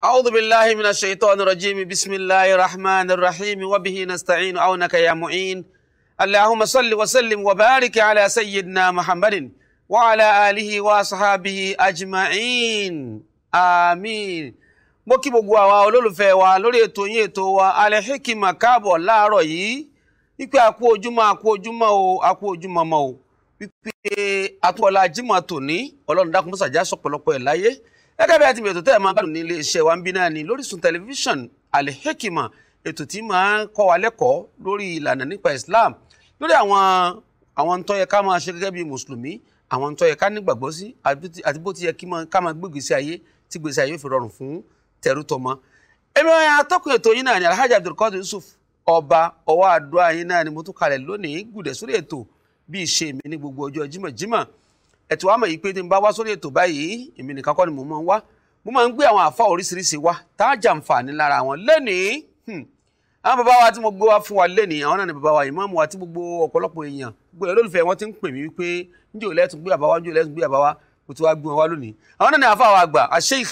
أعوذ بالله من الشيطان الرجيم بسم الله الرحمن الرحيم وبه نستعين عونك يا معين اللهم صل وسلم وبارك على سيدنا محمد وعلى آله وأصحابه أجمعين آمين mo kí gbogbo àwa olólùfẹ́ wa lórí ètò yín ètò wa Al-Hikmat káàbọ̀ láàárọ̀ yìí wípé àkú ojúmọ́ àkú ojúmọ́ o àkú ojúmọ́ mọ́ o wípé àtúwọ̀lá Jímọ̀ tòní ọlọ́run dákun mọ́sàjá sọ̀pọ̀lọpọ̀ ẹ̀ láyé gẹ́gẹ́ bí a ti bẹ̀rẹ̀ tó tẹ̀ máa gbádùn ní iléeṣẹ́ wa ń bí náà ni lórísun tẹlifíṣàn alihekima ètò tí máa ń kọ́ wa lẹ́kọ̀ọ́ lórí ìlànà nípa Islam lórí àwọn àwọn ń tó yẹ ká máa ṣe gẹ́gẹ́ bí mùsùlùmí àwọn ń tó yẹ ká nígbàgbọ́ sí àti bó ti yẹ ká máa gbé ìgbésí ayé tí ìgbésí ayé fi rọrùn fún tẹ̀rù tọmọ. èmi atọ́kùn ètò yín náà ni Alhaji Abdulkadir Yusuf ọba ọwọ́ ni mo tún kalẹ̀ ẹ̀tù wa mọ̀ yìí pé tí n bá wá sórí ètò báyìí èmi nìkan kọ́ ni mo máa ń wá mo máa ń gbé àwọn àfa oríṣiríṣi wá tá a jàǹfààní lára wọn lẹ́nìí hmm, àwọn bàbá wa tí mo gbé wá fún wa lẹ́nìí àwọn náà ni bàbá wa ìmáàmù wa tí gbogbo ọ̀pọ̀lọpọ̀ èèyàn gbogbo olólùfẹ́ wọn ti ń pè mí wípé njẹ́ ò lẹ́tùn gbé bàbá wa njẹ́ ò lẹ́tùn gbé bàbá wa kò tí wàá gbé wọn wá lónìí àwọn náà ni àfa wa àgbà Sheikh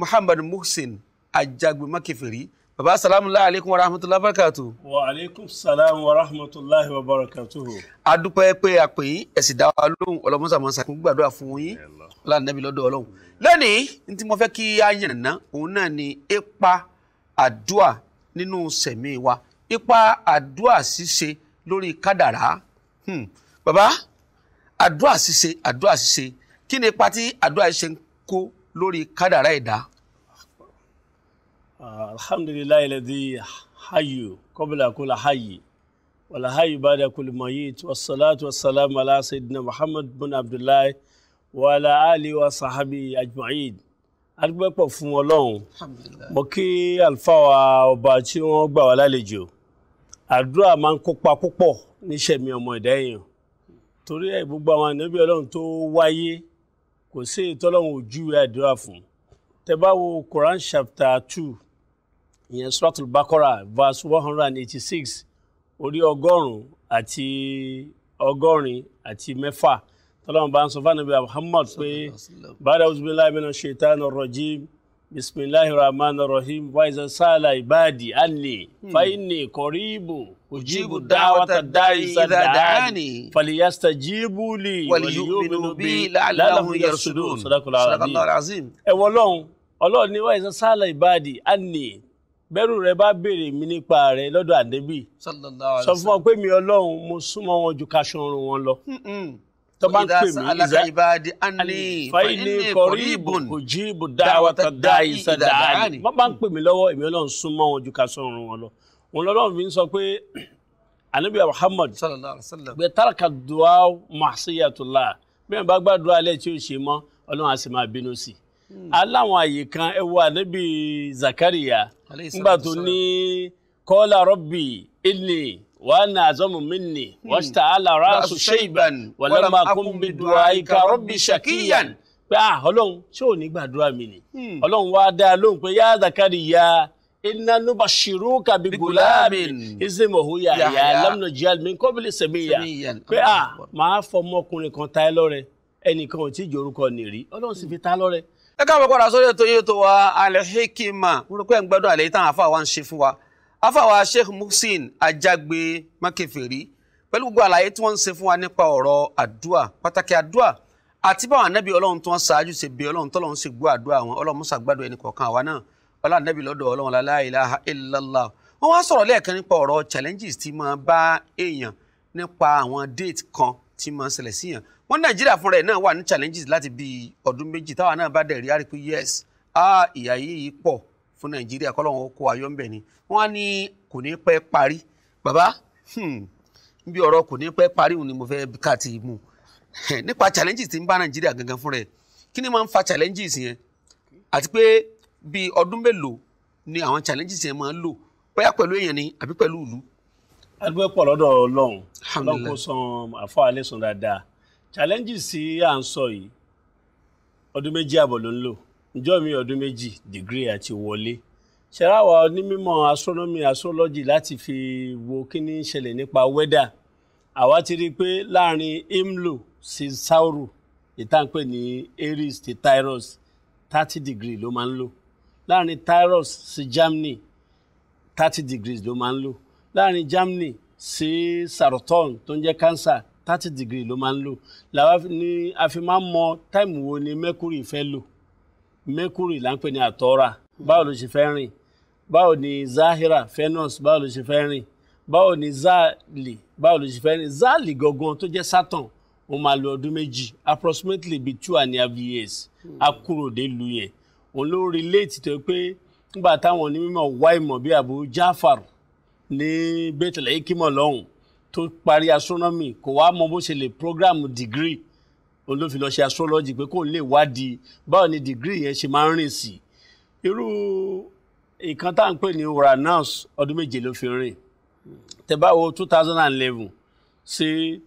Muhammad Muhsin Ajagbe Makeferi bàbá salamu alaykum wa rahmatulahi wa barakatu. wa aleykum salaam wa rahmatulahi wa barakatu. a dúpẹ́ pé a pè yín ẹ̀sìn dá wa lóhùn ọlọ́mọsàmọ́sà kún gbàdúrà fún yín lánàbí lọ́dọ̀ ọlọ́run. lónìí ní tí mo fẹ́ kí a yànnà òun náà ni ipa àdúà nínú sẹ̀mí wa ipa àdúà ṣíṣe lórí kádàrá. Hmm. bàbá àdúà ṣíṣe àdúà ṣíṣe kí ni ipa tí àdúà ṣe ń kó lórí kádàrá ẹ̀dá. الحمد لله الذي حي قبل كل حي hayu bada kula mayit wassalatu wassalamu ala sayyidina muhammad bin abdullahi wa ala ali wa sahabi ajma'in adúgbẹ́pọ̀ fún ọlọ́run mo kí alfawa ọba tí wọ́n gbà wá lálejò àdúrà máa ń kópa púpọ̀ níṣẹ̀mí ọmọ ẹ̀dá èèyàn torí ẹ̀ gbogbo àwọn ànábì ọlọ́run tó wáyé kò sí ètò ọlọ́run ò júwe àdúrà fún tẹ́ bá wo Quran chapter two ìyẹn suratul bakora verse one hundred and eighty six orí ọgọ́rùn-ún àti ọgọ́rin àti mẹ́fà tọ́lọ́mù bá ń sọ fáwọn ibi muhammad pé bàdà uzbillahi minash shaitani rajim bisimilahi rahman rahim waiza sala ibadi anni hmm. fa inni koribu ujibu dawata dari sadani faliyasta jibuli waliyuminu bi la'allahum yarsudun sadakula azim. ẹ wọlọ́n ọlọ́run ni waiza sala ibadi anni bẹ́rù rẹ bá béèrè mi nípa rẹ lọ́dọ̀ àdébì sọ fún ọ pé mi ọlọ́run mo súnmọ́ wọn ju kaṣọ ọrùn wọn lọ tó bá ń pè mí ìzá fàílì kọrí ìbò kò jí ìbò dáwàtà dá ìsà dáàlì wọ́n bá ń pè mí lọ́wọ́ èmi ọlọ́run súnmọ́ wọn ju kaṣọ ọrùn wọn lọ wọn lọ́lọ́run fi ń sọ pé anabi muhammad gbé tàràkà dùá màṣíyàtúlá bẹ́ẹ̀ bá gbàdúrà alẹ́ tí ó ṣe mọ́ ọlọ́run nígbà tó ní kọ́lá rọ́bì ilé wàhánà àzọ́mù minni wàṣítà alára aṣọ ṣẹ́ìbàn wàlámà kúnbi dùwà ìka rọ́bì ṣàkíyàn pé à ah, ọlọ́run ṣé ò ní gbàdúrà mi ni hmm. ọlọ́run wá dá lóhùn pé yá Zakariya iná ló bá ṣirú kàbí gùlámìn ìsèmọ̀hó yàyà lámìnà jíàlì mi kọ́bílì sẹ̀míyà pé à ah, máa fọmọkùnrin kan ta ẹ lọ́rẹ ẹnìkan ò tí ì jórúkọ nìrí ọlọ́run sì fi ta lọ́rẹ ẹ káàbọ̀ padà sórí ètò yìí tó wa alẹ́hìkìmà mo rò pé ẹ̀ ń gbádùn àlẹ́ ìtàn àfa wa ń ṣe fún wa àfa wa Sheikh Muhsin Ajagbe Makeferi pẹ̀lú gbogbo àlàyé tí wọ́n ń ṣe fún wa nípa ọ̀rọ̀ àdúà pàtàkì àdúà àti báwọn anábì ọlọ́run tó ń ṣáájú ṣe bí ọlọ́run tọ́lọ́run ṣe gbọ́ àdúà wọn ọlọ́run musa gbádùn ẹnì kọ̀ọ̀kan àwa náà ọlọ́run anábì lọ́dọ̀ ọlọ́run la ilaha illallah wá sọ̀rọ̀ lẹ́ẹ̀kan nípa ọ̀rọ̀ challenges tí máa bá èèyàn nípa àwọn date kan tí máa ṣẹlẹ̀ síyàn wọ́n nàìjíríà fúnra ẹ náà wà ní challenges láti bí ọdún méjì táwọn náà bá dẹ̀ rí àrí pé yes ìyà yìí pọ fún nàìjíríà kọ́lọ́wọ́n kó ayọ́ ń bẹ̀ ni wọ́n á ní kò ní pẹ́ parí bàbá hmm, bí ọ̀rọ̀ kò ní pẹ́ parí ni mo fẹ́ ká ti mú nípa challenges tí ń bá nàìjíríà gangan fúnra ẹ kí ni máa ń fa challenges yẹn àti pé bí ọdún mélòó ni àwọn challenges yẹn máa ń lò bóyá pẹ̀lú èèyàn ni àbí pẹ̀lú ìlú. adúgbò pọ̀ lọ́dọ̀ ọlọ́run ọlọ́run kò san àfọ alẹ́ sùn dáadáa challenges sí à ń sọ yìí ọdún méjì àbọ̀ ló ń lò ǹjọ́ mi ọdún méjì degree àti wọlé ṣẹ́ráwá onímọ̀ astronomy astrology láti fi wo kí ní ṣẹlẹ̀ nípa weather àwa ti rí i pé láàrin imlo sí sauru ìtànpẹ̀ ní aries ti taurus thirty degrees ló máa ń lò láàrin taurus sí germany thirty degrees ló máa ń lò láàrin germany sí saturn tó ń jẹ́ cancer thirty degree ló máa ń lò làwa ni a fi máa ń mọ táìmù wo ni mercury fẹ́ lò mercury là ń pè ní àtọ́ra báwo ló ṣe fẹ́ rìn báwo ni zahira phenos báwo ló ṣe fẹ́ rìn báwo ni zaali báwo ló ṣe fẹ́ rìn zaali gangan tó jẹ́ saturn ó máa lo ọdún méjì approximately bíi two and a half years a kúrò dé lu yẹn òun ló relate tó pé nígbà táwọn onímọ̀ wá bíi Abu Jafar ní Bethel ekimọ̀ lọ́hùn tó parí astronomy kò wá mọ bó ṣe lè program degree òun ló fi lọ ṣe astrology pé kò lè wádìí báwo ni degree yẹn ṣe máa ń rìn sí irú nǹkan tá à ń pè ní Uranus ọdún méje ló fi rìn tẹ́báwo two thousand and eleven sí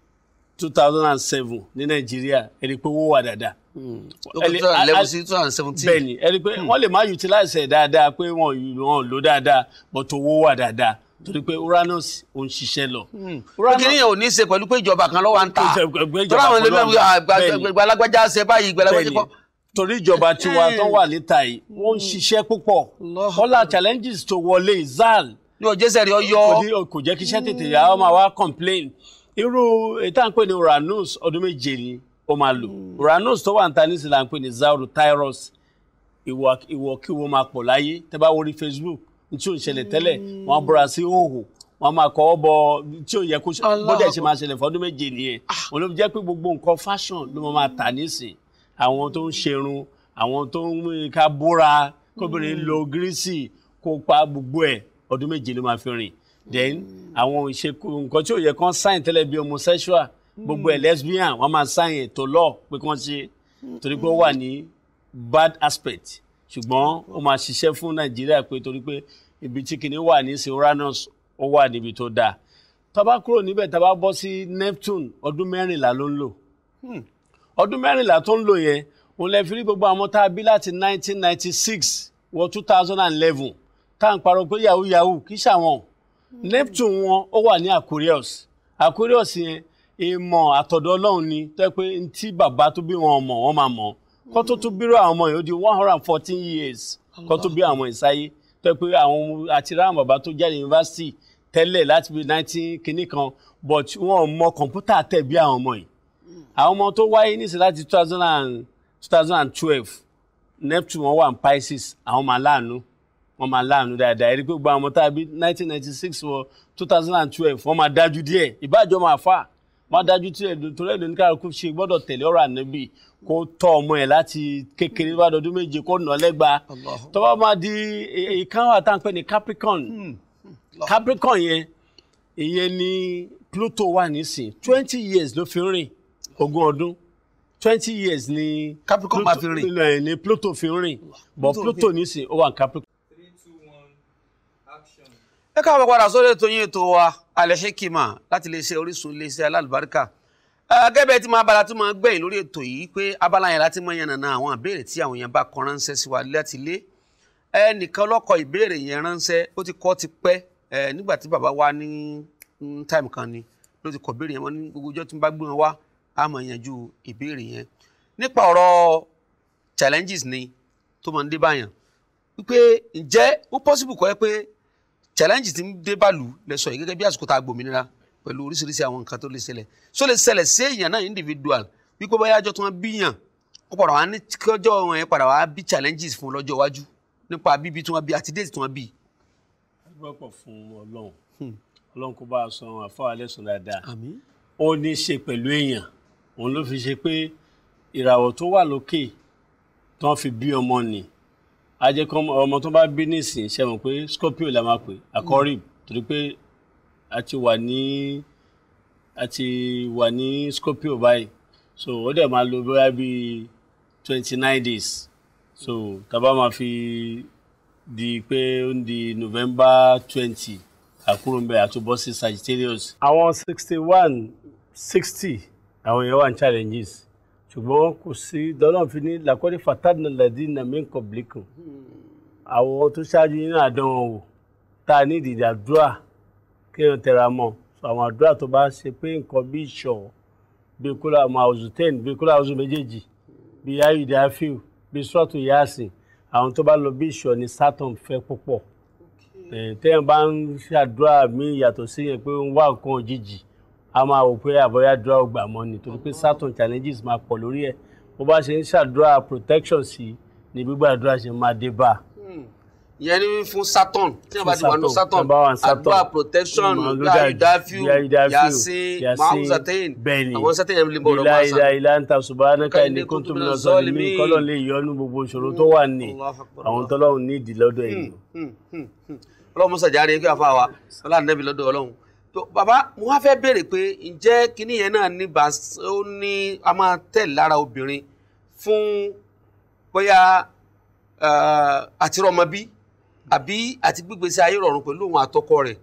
two thousand and seven ní Nàìjíríà ẹni pé owó wà dáadáa. Hmm. bẹ́ẹ̀ni ẹni pé hmm. wọ́n lè má utilize ẹ̀ dáadáa pé wọ́n lò dáadáa but owó wà dáadáa torí pé uranus ò ń ṣiṣẹ́ lọ. Hmm. kíni yẹn ò ní ṣe pẹ̀lú pé ìjọba kan lọ́wọ́ à ń ta tọ́lá àwọn ẹlẹ́gbẹ̀ẹ́ gbalagbájá ṣe báyìí gbalagbájá kọ́. torí ìjọba tiwa hmm. tó wà níta yìí wọ́n ń hmm. ṣiṣẹ́ púpọ̀ ọlá challenges tó wọlé zal. ní ọjọ́ sẹ́rí ọyọ́. kò jẹ́ kí iṣẹ́ tètè yá ọmọ wa complain irú ìta ń pè uranus ọdún méje ni ó máa lò uranus tó wà níta nísìlá ń pè ní zaru tyrus ìwọ̀kiwọ̀ máa pọ̀ láyé tẹ́ bá wọrí facebook tí ò ń ṣẹlẹ̀ tẹ́lẹ̀ wọ́n bọ́ra sí òhò wọ́n máa kọ́ bọ tí ò yẹ kó bọ́dẹ̀ ṣe máa ṣẹlẹ̀ fọ́dún méje nìyẹn wọn ah. ló jẹ́ pé gbogbo nǹkan fashion ló máa tà nísìn àwọn tó ń ṣerun àwọn tó ń ká bóra kóbìnrin hmm. lo gírísì kó pa gbogbo ẹ̀ ọdún méje ló máa fi rìn then hmm. àwọn ìṣe nǹkan tí ò yẹ kán sáyìn tẹ́lẹ̀ bí homosexual gbogbo ẹ̀ hmm. lesbian wọ́n máa sáyìn ètò law pé kán ṣe torí pé ó wà ní bad aspect ṣùgbọ́n ó máa ṣiṣẹ́ fún nàìjíríà pé torí pé ibi tí kìíní wà ní sí uranus ó wà níbi tó dáa tọ́ba kúrò níbẹ̀ tọ́ba bọ́ sí neptune ọdún mẹ́rìnlá ló ń lò hmm. ọdún mẹ́rìnlá tó ń lò yẹn òun lè fi rí gbogbo àwọn tá a bí láti 1996 wọ 2011 tá à ń parọ́ pé yahoo yahoo kì í ṣàwọn hmm. neptune wọn ó wà ní aquarius aquarius yẹn ìmọ̀ àtọ̀dọ̀ ọlọ́run ni tẹ́ pé ntí bàbá tó bí wọn mọ̀ wọ́n máa mọ̀ ọ́ kọ́ tó tún bírò àwọn ọmọ yìí ó di one hundred and fourteen years kọ́ tó bí àwọn ìsáyé tó pé àwọn àti ráhùn bàbá tó jáde yunifásitì tẹ́lẹ̀ láti bí nineteen kìíní kan but wọn mọ kọ̀ǹpútà tẹ̀ bí àwọn ọmọ yìí hmm. àwọn ọmọ tó wáyé níṣẹ́ láti two thousand and two thousand and twelve neptune wọn wà ní pisces àwọn máa láàánú wọn máa láàánú dáadáa ẹ̀rí pé gbogbo àwọn ọmọ tá a bí nineteen ninety six wọ two thousand and twelve wọn máa dájú díẹ̀ ìbájọ́ máa fà wọn dájú tí torí ẹ̀dùn oníkàlùkù ṣe gbọ́dọ̀ tẹ̀lé ọ̀rọ̀ ànábì kó tọ́ ọmọ ẹ̀ láti kékeré bá dọdún méje kó nà lẹ́gba tó bá máa di e- e- ìkan wà tá à ń pè ní Capricorn hmm. Capricorn yẹn ìyẹn ni Pluto wà nísìn twenty years ló fi rìn ogún ọdún twenty years ni Capricorn máa fi rìn eh, ni Pluto fi rìn but Pluto nísìn ó wà Capricorn. ẹ káàbọ̀ padà sórí ètò yín ètò wa alẹ́ṣẹ́kìmà láti lè ṣe orísun lè ṣe alálùbáríkà gẹ́gẹ́ tí máa bala tó máa gbẹ̀yìn lórí ètò yìí pé abala yẹn láti mọ̀ yànnàna àwọn àbẹ̀rẹ̀ tí àwọn yẹn bá kọ ránṣẹ́ sí wa láti lé ẹnìkan lọ́kọ̀ ìbéèrè yẹn ránṣẹ́ ó ti kọ́ ti pẹ́ nígbà tí bàbá wa ní mm, táìmù kan ni ló ti kọ̀ béèrè yẹn wọn ní gbogbo ọjọ́ tí bá gbé wọn wá á máa yanjú ìbéèrè yẹn nípa ọ̀rọ̀ challenges ni tó máa ń dé báyàn wípé ǹjẹ́ ó possible kọ́ ẹ pé challenge ti ń dé bàlù lẹ́sọ yìí gẹ́gẹ́ bí àsìkò tá a gbòmìnira pẹ̀lú oríṣiríṣi àwọn nǹkan tó lè ṣẹlẹ̀ so lè ṣẹlẹ̀ sí èèyàn náà individual wípé bóyá ọjọ́ tí wọ́n bí yàn ó padà wá ní kọjọ́ wọn yẹn padà wá bí challenges fún lọ́jọ́ iwájú nípa bíbí tí wọ́n bí àti déètì tí wọ́n bí. gbọ́pọ̀ fún ọlọ́run hmm. ọlọ́run kó bá a sọ àfọwà lẹ́sùn dáadáa ó ní í ṣe pẹ̀lú èèyàn òun ló fi ṣe pé ìràwọ̀ tó wà lókè tí wọ́n fi bí ọmọ nìyí a jẹ́ kọ́ ọmọ tó bá bí nísìn ṣe mọ̀ pé Scorpio la máa pè àkọ́rì torí pé a ti wà ní a ti wà ní Scorpio báyìí so ó dẹ̀ máa lò bóyá bíi twenty nine days so tá bá máa fi di pé ó ń di November twenty àkúròmbẹ àtúbọ̀ sí Sagittarius. àwọn sixty one sixty àwọn yẹn wà ní challenges ṣùgbọ́n kò sí dọ́lọ́n fi ní làkọ́ni fatadna ladina min qablikum àwọn tó ṣáájú yín náà dán wọn wò tá a ní ìdìdì àdúrà kéèyàn tẹra mọ́ àwọn àdúrà tó bá ṣe pé nǹkan bí ìṣọ̀ bí kúlà àwọn àwùjọ ten bí kúlà àwùjọ méjèèjì bí ayíde afiu bí sọ́ọ̀tù yaasin àwọn tó bá lọ bí ìṣọ̀ ni Satan fẹ́ púpọ̀ tẹ́yìn bá ń ṣàdúrà mí yàtọ̀ sí yẹn pé ń wá nǹkan òjijì a máa wò pé àbọ̀yá dúrà ọgbà mọ́ ni torí pé certain challenges máa pọ̀ lórí ẹ̀ bó bá ṣe ń ṣàdúrà protection sí ni gbígbàdúrà ṣe máa dé bá a hmm. ìyẹn ní fún saturn tí wọn bá ti wà ní saturn àdúrà protection yaidafiu yasin mahamu satain àwọn satain yẹn lè bọ̀ lọ́wọ́ àṣà. ìlà ìlà ń ta subhanaka inni kuntu minaz zalimin kọ́lọ̀ lè yọ ní gbogbo ìṣòro tó hmm. wà ní àwọn tọ́lọ́run ní ìdílọ́dọ̀ yìí. Hmm, ọlọ́run musa jáde kí wàá fà wá ọlọ́run nẹ́bí lọ́dọ̀ ọlọ́run tó bàbá mo wá fẹ́ béèrè pé ǹjẹ́ kinní yẹn náà ní bá ó ní a máa tẹ̀ lára obìnrin fún bóyá eh, àtirọ́mọbí àbí àti gbígbèsè ayé rọrùn pẹ̀lú òun àtọkọ rẹ̀